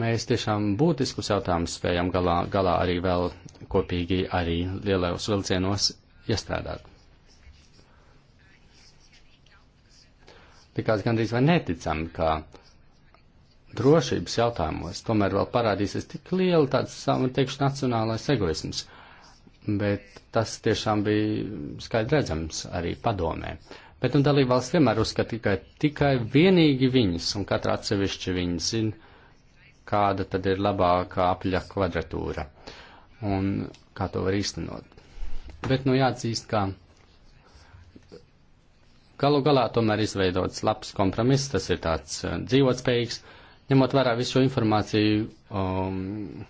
mēs tiešām būtiskus jautājumus spējam galā, galā arī vēl kopīgi arī lielos vilcienos iestrādāt. Tikās gandrīz vai neticami, ka drošības jautājumos tomēr vēl parādīsies tik liela tāds, teikšu, nacionālais egoisms, bet tas tiešām bija skaidrredzams arī padomē. Uh, Bet nu, dalībvalsts vienmēr uzskata tikai, tikai vienīgi viņas, un katra atsevišķi viņa zina, kāda tad ir labākā apļa kvadratūra un kā to var īstenot. Bet nu jāatzīst, ka galu galā tomēr izveidots labs kompromiss, tas ir tāds uh, dzīvotspējīgs, ņemot vērā visu informāciju, um,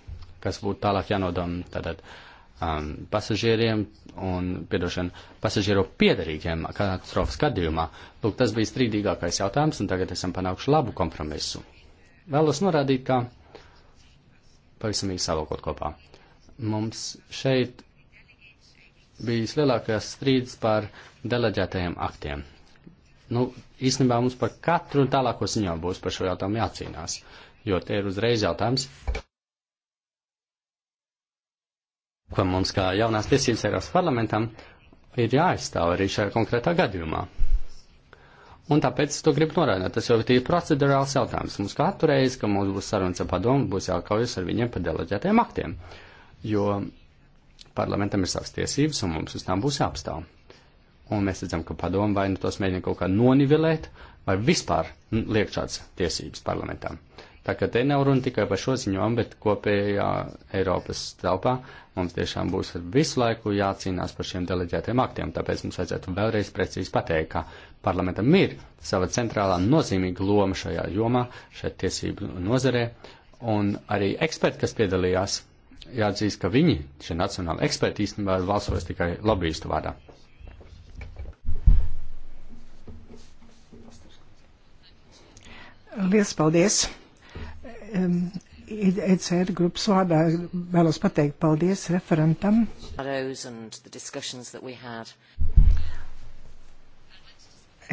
kas būtu tālāk jānodom. Tātad, uh, um, pasažieriem un, piedošana, pasažieru piedarīgiem katastrofas gadījumā. Lūk, tas bija strīdīgākais jautājums, un tagad esam panākuši labu kompromisu. Vēlos norādīt, ka pavisam īsi salokot kopā. Mums šeit bijis lielākais strīds par deleģētajiem aktiem. Nu, īstenībā mums par katru tālāko ziņo būs par šo jautājumu jācīnās, jo te ir uzreiz jautājums ko mums kā jaunās tiesības Eiropas parlamentam ir jāaizstāv arī šajā konkrētā gadījumā. Un tāpēc es to gribu norādīt. Tas jau ir procedurāls jautājums. Mums katru reizi, kad mums būs sarunas ar padomu, būs jākaujas ar viņiem par deleģētiem aktiem. Jo parlamentam ir savas tiesības un mums uz tām būs jāapstāv. Un mēs redzam, ka padomu vai nu tos mēģina kaut kā nonivelēt, vai vispār liek šādas tiesības parlamentam. Tā ka te nav runa tikai par šo ziņojumu, bet kopējā Eiropas telpā mums tiešām būs visu laiku jācīnās par šiem deleģētiem aktiem, tāpēc mums vajadzētu vēlreiz precīzi pateikt, ka parlamentam ir sava centrālā nozīmīga loma šajā jomā, šajā tiesību nozarē, un arī eksperti, kas piedalījās, jāatzīst, ka viņi, šie nacionāli eksperti, īstenībā valsos tikai lobbyistu vārdā. Liels paldies! ECR e grupas vārdā vēlos pateikt paldies referentam.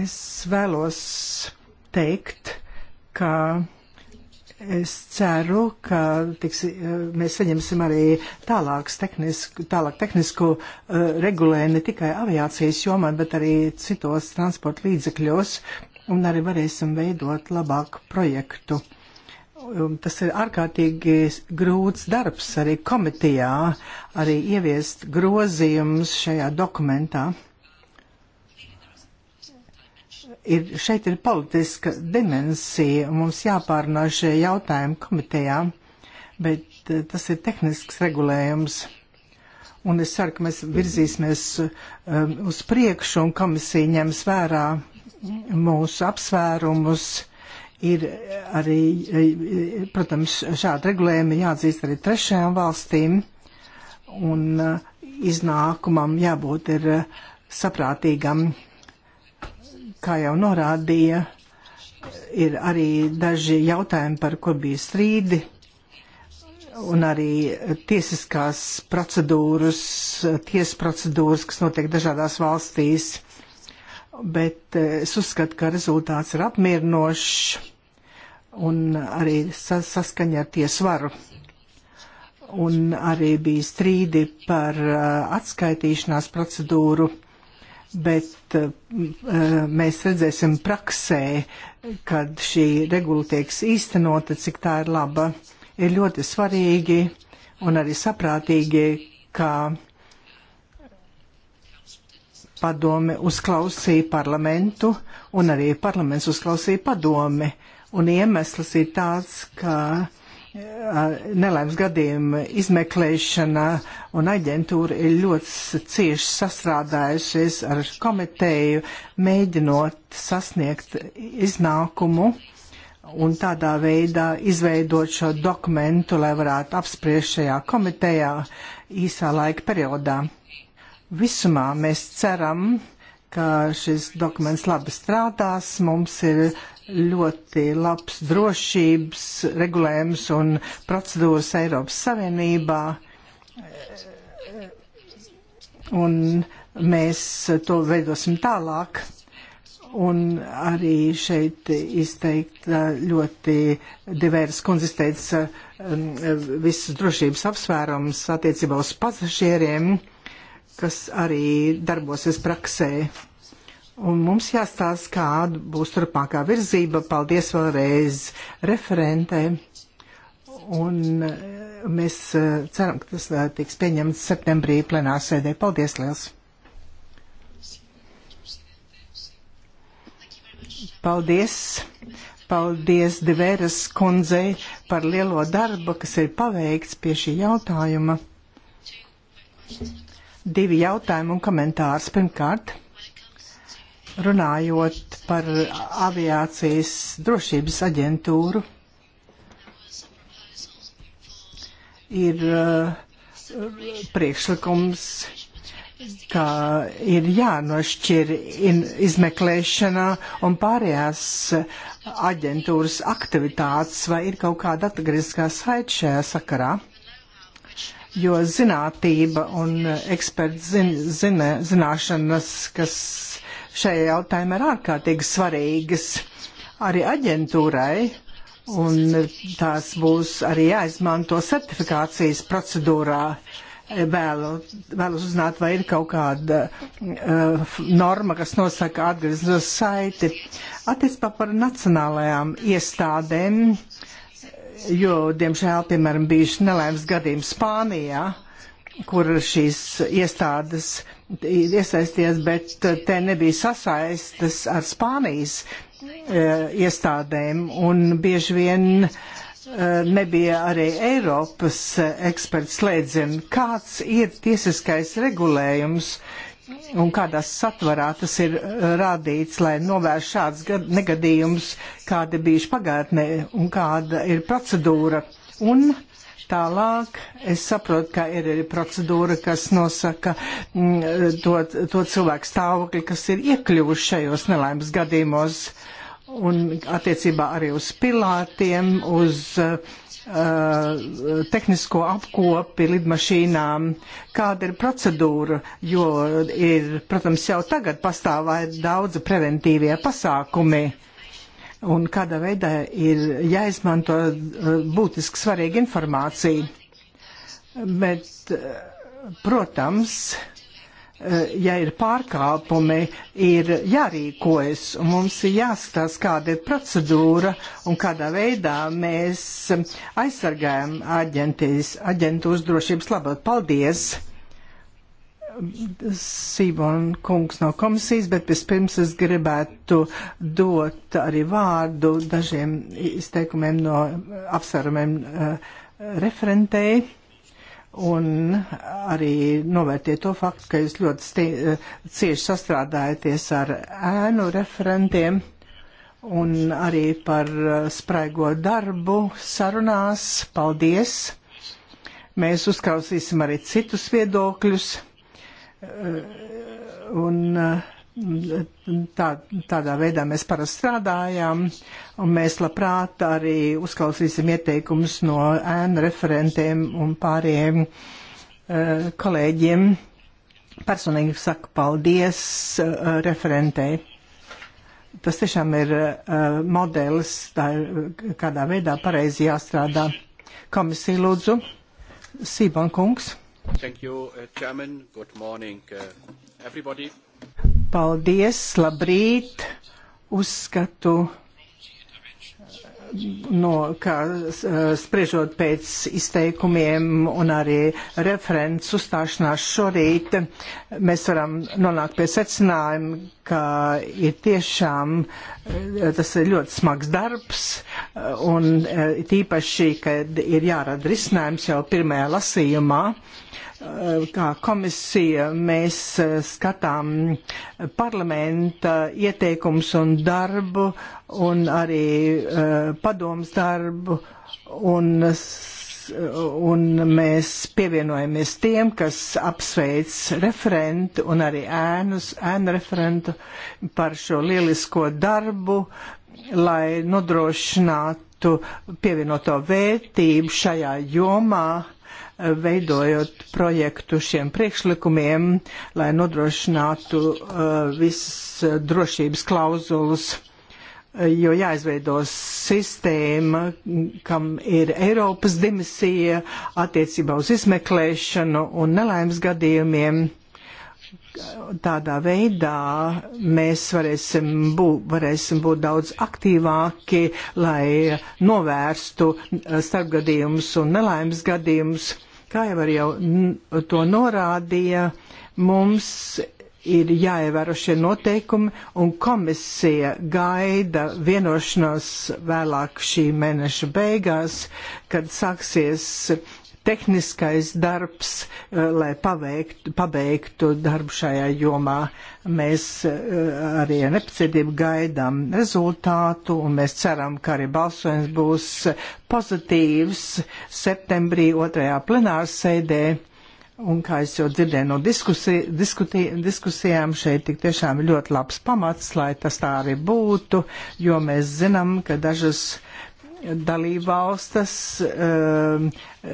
Es vēlos teikt, ka es ceru, ka tiks, e, mēs saņemsim arī tālāks tehnisku, tālāk tehnisku uh, regulējumu ne tikai aviācijas jomā, bet arī citos transporta līdzekļos, un arī varēsim veidot labāku projektu. Uh, tas ir ārkārtīgi grūts darbs arī komitejā, arī ieviest grozījumus šajā dokumentā. Ir, šeit ir politiska dimensija, mums jāpārnā šie jautājumi komitejā, bet eh, tas ir tehnisks regulējums. Un es ceru, ka mēs virzīsimies um, uz priekšu un komisija ņems vērā mūsu apsvērumus. Uh, ir arī, e, e, protams, šādi regulējumi jāatzīst arī trešajām valstīm, un e, iznākumam jābūt ir saprātīgam, kā jau norādīja, ir arī daži jautājumi, par kur bija strīdi, un arī tiesiskās procedūras, tiesas procedūras, kas notiek dažādās valstīs bet eh, es uzskatu, ka rezultāts ir apmierinošs un arī saskaņa ar tiesu varu. Un arī bija strīdi par eh, atskaitīšanās procedūru, bet eh, mēs redzēsim praksē, kad šī regula tieks īstenota, cik tā ir laba. Ir ļoti svarīgi un arī saprātīgi, ka padome uzklausīja parlamentu un arī parlaments uzklausīja padomi. Un iemesls ir tāds, ka nelaimes gadījuma izmeklēšana un aģentūra ir ļoti cieši sastrādājušies ar komiteju, mēģinot sasniegt iznākumu un tādā veidā izveidot šo dokumentu, lai varētu apspriest šajā komitejā īsā laika periodā. Visumā mēs ceram, ka šis dokuments labi strādās, mums ir ļoti labs drošības regulējums un procedūras Eiropas Savienībā. Un mēs to veidosim tālāk. Un arī šeit izteikt ļoti divērs kundzes teica um, visus drošības apsvērums attiecībā uz pasažieriem. Uh, kas arī darbosies praksē. Un mums jāstāsta, kāda būs turpmākā virzība. Paldies vēlreiz referentē. Un eh, mēs eh, ceram, ka tas eh, tiks pieņemts septembrī plenārsēdē. Paldies liels! Paldies! Paldies Deveras kundzei par lielo darbu, kas ir paveikts pie šī jautājuma. Thank you divi jautājumi un komentārs. Pirmkārt, runājot par aviācijas drošības aģentūru, ir uh, priekšlikums, ka ir jānošķir izmeklēšanā un pārējās aģentūras aktivitātes, vai ir kaut kāda atgriezkā saita šajā sakarā jo zinātība un eksperts zin, zina, zināšanas, kas šajā jautājumā ir ārkārtīgi svarīgas arī aģentūrai, un tās būs arī jāizmanto certifikācijas procedūrā. Vēlu, vēlu uzzināt, vai ir kaut kāda uh, norma, kas nosaka atgriezos saiti. Attiecībā par nacionālajām iestādēm uh, jo, diemžēl, piemēram, bijuši nelēms gadījumi Spānijā, kur šīs iestādes iesaisties, bet te nebija sasaistas ar Spānijas e, iestādēm un bieži vien e, nebija arī Eiropas eksperts slēdzien. Kāds ir tiesiskais regulējums un kādā satvarā tas ir eh, radīts, lai novērš šāds negadījums, kāda bijuši pagātnē un kāda ir procedūra. Un tālāk es saprotu, ka ir arī procedūra, kas nosaka mm, to, to cilvēku stāvokli, kas ir iekļuvuši šajos nelaimes gadījumos un attiecībā arī uz pilātiem, uz uh, uh, tehnisko apkopi lidmašīnām, kāda ir procedūra, jo ir, protams, jau tagad pastāvē daudzi preventīvie pasākumi. Un kādā veidā ir jāizmanto eh, būtiski svarīga informācija. Bet, eh, protams, uh, Eh, ja ir pārkāpumi, ir jārīkojas, un mums ir jāstāsta, kāda ir procedūra un kādā veidā mēs aizsargājam aģentīs, aģentūras drošības labāk. Paldies! Sībon kungs no komisijas, bet vispirms es gribētu dot arī vārdu dažiem izteikumiem no apsvērumiem uh, referentei un arī novērtiet to faktu, ka jūs ļoti eh, cieši sastrādājaties ar ēnu referentiem un arī par eh, spraigo darbu sarunās. Paldies! Mēs uzklausīsim arī citus viedokļus. Eh, un, uh, Tā, tādā veidā mēs parasti strādājām, un mēs labprāt arī uzklausīsim ieteikumus no ēnu referentiem un pāriem uh, kolēģiem. Personīgi saku paldies uh, referentei. Tas tiešām ir uh, modelis, tā ir kādā veidā pareizi jāstrādā. Komisija lūdzu, Sīban kungs. Thank you, uh, Chairman. Good morning, uh, everybody. Paldies, labrīt! Uzskatu, no, kā spriežot pēc izteikumiem un arī referents uzstāšanās šorīt, mēs varam nonākt pie secinājuma, ka ir tiešām eh, tas ir ļoti smags darbs eh, un eh, tīpaši, kad ir jārada risinājums jau pirmajā lasījumā. Uh, Eh, kā komisija mēs eh, skatām parlamenta ieteikums un darbu un arī eh, padoms darbu un un mēs pievienojamies tiem, kas apsveic referentu un arī ēnus, ēnu referentu par šo lielisko darbu, lai nodrošinātu pievienoto vērtību šajā jomā veidojot projektu šiem priekšlikumiem, lai nodrošinātu uh, visas uh, drošības klauzulas jo jāizveido sistēma, kam ir Eiropas dimensija attiecībā uz izmeklēšanu un nelaimes gadījumiem tādā veidā mēs varēsim būt, varēsim būt daudz aktīvāki, lai novērstu eh, starpgadījumus un nelaimes gadījumus. Kā jau arī jau to norādīja, mums ir jāievēro šie noteikumi, un komisija gaida vienošanos vēlāk šī mēneša beigās, kad sāksies tehniskais darbs, eh, lai paveikt, pabeigtu darbu šajā jomā. Mēs eh, arī ar nepacietību gaidām rezultātu un mēs ceram, ka arī balsojums būs pozitīvs septembrī otrajā plenāras sēdē. Un kā es jau dzirdēju no diskusi, diskuti, diskusijām, šeit tik tiešām ir ļoti labs pamats, lai tas tā arī būtu, jo mēs zinām, ka dažas dalībvalstas uh, um, uh,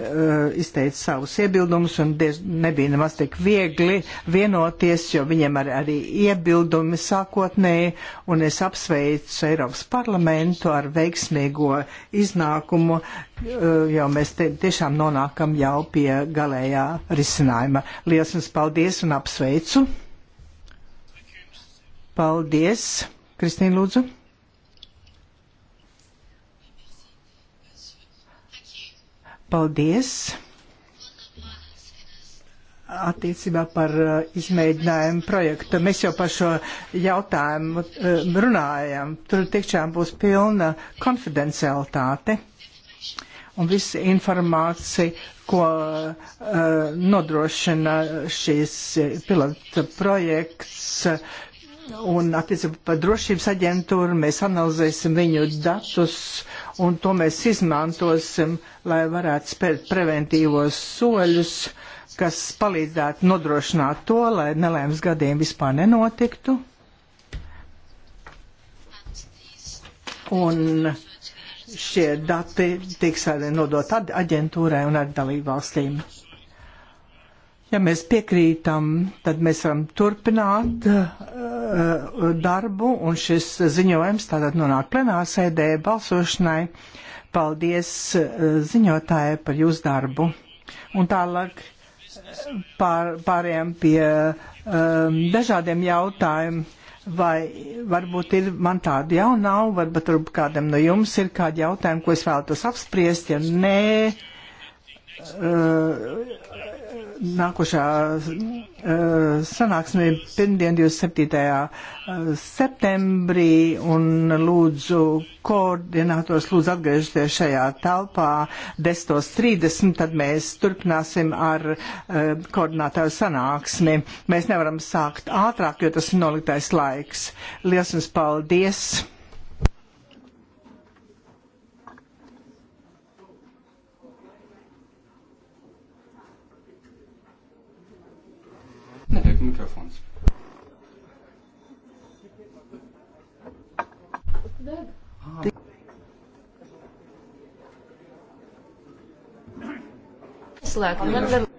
izteica savus iebildumus un diez, nebija nemaz tik viegli vienoties, jo viņiem ar, arī iebildumi sākotnēji, un es apsveicu Eiropas parlamentu ar veiksmīgo iznākumu, uh, jo mēs te, tiešām nonākam jau pie galējā risinājuma. Lielas jums paldies un apsveicu! Paldies! Kristīna Lūdzu! Paldies! attiecībā par uh, izmēģinājumu projektu. Mēs jau par šo jautājumu uh, runājam. Tur tiešām būs pilna konfidencialitāte. Un visa informācija, ko uh, nodrošina šīs uh, pilota projekts, uh, un attiecībā par drošības aģentūru mēs analizēsim viņu datus un to mēs izmantosim, lai varētu spērt preventīvos soļus, kas palīdzētu nodrošināt to, lai nelēms gadiem vispār nenotiktu. Un šie dati tiks arī nodot aģentūrai un arī dalībvalstīm. Ja mēs piekrītam, tad mēs varam turpināt uh, Eh, darbu, un šis ziņojums tātad nonāk plenārsēdē balsošanai. Paldies eh, ziņotāji par jūsu darbu. Un tālāk eh, pār, pāriem pie um, dažādiem jautājumiem. Vai varbūt ir man tādu jau nav, varbūt varbūt kādam no jums ir kādi jautājumi, ko es vēlētos apspriest, ja nē. Uh, nākošā eh, sanāksmē pirmdien 27. Eh, septembrī un lūdzu koordinators lūdzu atgriežoties šajā telpā 10.30, tad mēs turpināsim ar eh, koordinātāju sanāksmi. Mēs nevaram sākt ātrāk, jo tas ir noliktais laiks. Liels jums paldies! mikrofons. Deg. Ah. Slēgt, man vēl.